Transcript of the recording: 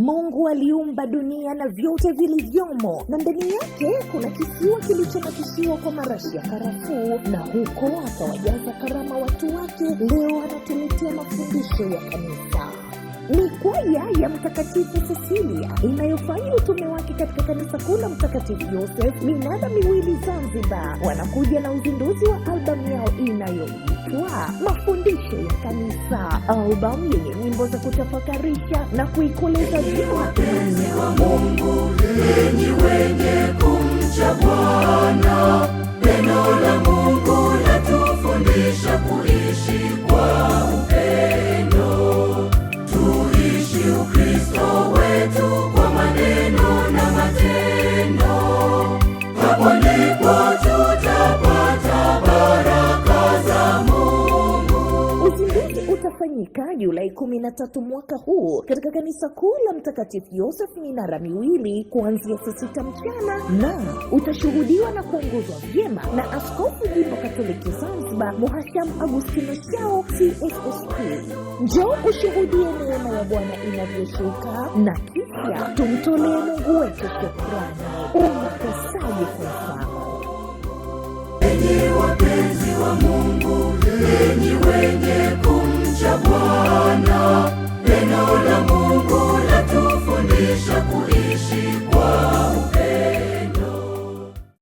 Mungu aliumba dunia na vyote vilivyomo, na ndani yake kuna kisiwa kilichonakishiwa kwa marashi ya karafuu, na huko akawajaza karama watu wake. Leo anatuletea mafundisho ya kanisa. Ni kwaya ya Mtakatifu Cecilia inayofanya utume wake katika kanisa kuu la Mtakatifu Joseph minada miwili Zanzibar. Wanakuja na uzinduzi wa albamu yao kanisa au uh, albamu yenye nyimbo za kutafakarisha na kuikoleza wapenzi wa mungu yenyi wenye kumcha bwana neno la mungu latufundisha kuishi kwa upendo tuishi ukristo kufanyika Julai 13 mwaka huu katika kanisa kuu la Mtakatifu yosef minara miwili kuanzia saa sita mchana na utashuhudiwa na kuongozwa vyema na Askofu Jimbo Katoliki Zanzibar Mhashamu Agustino Shao CSSP. Njoo ushuhudie neema ya Bwana inavyoshuka na kisha tumtolee Mungu wetu shukrani. Unakosaje kumfahamu? Enyi wapenzi wa Mungu, wenye wenye Bwana.